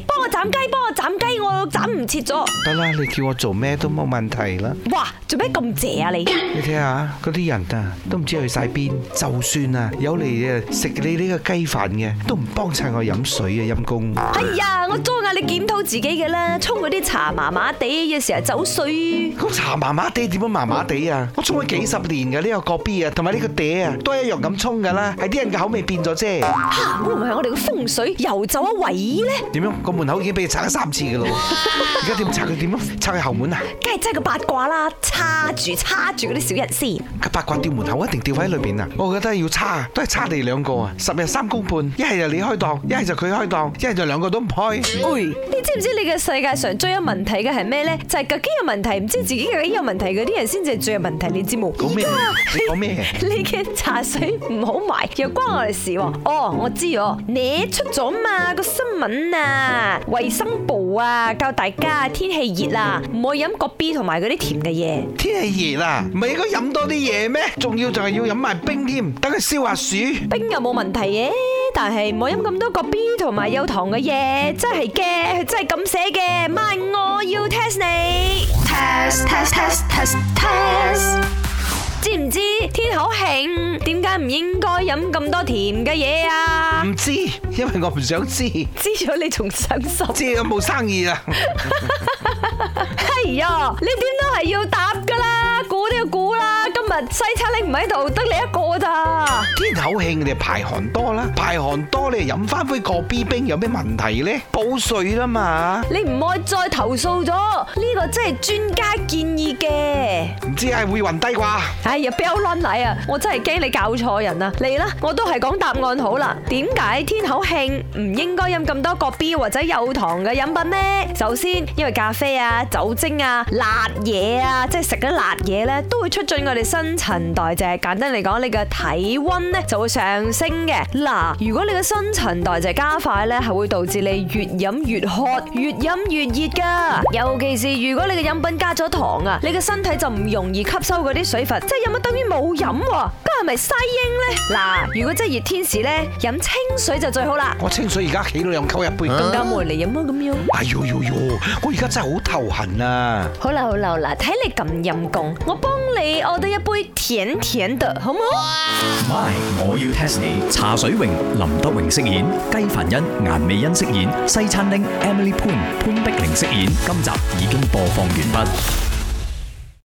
幫我斬雞，幫我斬雞，我斬唔切咗。得啦，你叫我做咩都冇問題啦。哇，做咩咁邪啊你？你睇下嗰啲人啊，都唔知去晒邊。就算啊有嚟誒食你呢個雞飯嘅，都唔幫襯我飲水啊陰公。哎呀，我裝啊，你檢討自己嘅啦。沖嗰啲茶麻麻地有時候走水。咁、那個、茶麻麻地點樣麻麻地啊？我沖咗幾十年嘅呢、這個國 B 啊，同埋呢個嗲啊，都係一樣咁沖噶啦。係啲人嘅口味變咗啫。吓、啊，會唔會係我哋嘅風水遊走一位咧？點樣？個門口已經俾你拆咗三次噶啦，而家點拆佢點啊？拆去後門啊？梗係真係個八卦啦，叉住叉住嗰啲小人先。個八卦掉門口一定掉喺裏邊啊！我覺得要叉，都係叉你哋兩個啊！十日三公半，一係就你開檔，一係就佢開檔，一係就兩個都唔開。知唔知你嘅世界上最有問題嘅係咩咧？就係、是、究竟有問題，唔知自己究竟有問題嗰啲人先至係最有問題，你知冇？講咩？ 你講咩？你嘅茶水唔好埋，又關我哋事喎、哦？哦，我知哦，你出咗嘛個新聞啊，衞生部啊，教大家，天氣熱啊，唔可以飲個 B 同埋嗰啲甜嘅嘢。天氣熱啊，唔係應該飲多啲嘢咩？仲要就係要飲埋冰添，等佢消下暑。冰又冇問題嘅？但係唔好飲咁多個 B 同埋有糖嘅嘢，真係嘅，真係咁寫嘅。唔係我要 test 你，test test test test test，知唔知天好慶？點解唔應該飲咁多甜嘅嘢啊？唔知，因為我唔想知道。知咗你仲想收？知咗冇生意啦。係呀，你點都係要答噶啦，估都要估啦。今日西餐你唔喺度，得你一個咋？口氣你們排汗多啦，排汗多你飲翻杯過 B 冰有咩問題呢？補水啦嘛，你唔好再投訴咗，呢、這個真係專家建議嘅。知係會暈低啩？哎呀，Bill run 嚟啊！我真係驚你教錯人啊！嚟啦，我都係講答案好啦。點解天口慶唔應該飲咁多個 B 或者有糖嘅飲品呢？首先，因為咖啡啊、酒精啊、辣嘢啊，即係食咗辣嘢咧，都會促進我哋新陳代謝。簡單嚟講，你嘅體温咧就會上升嘅。嗱，如果你嘅新陳代謝加快咧，係會導致你越飲越渴、越飲越熱㗎。尤其是如果你嘅飲品加咗糖啊，你嘅身體就唔容容易吸收嗰啲水分，即係飲乜等於冇飲，咁係咪西英咧？嗱，如果真係熱天時咧，飲清水就最好啦。我清水而家到兩溝一杯，更加冇嚟飲咯咁樣。哎喲喲喲，我而家真係好頭痕啊好！好啦好啦，嗱，睇你咁陰功，我幫你我得一杯甜甜的好唔好？My，我要 test 你。茶水榮，林德榮飾演；，雞凡欣，顏美欣飾演；，西餐廳，Emily Poon, 潘潘碧玲飾演。今集已經播放完畢。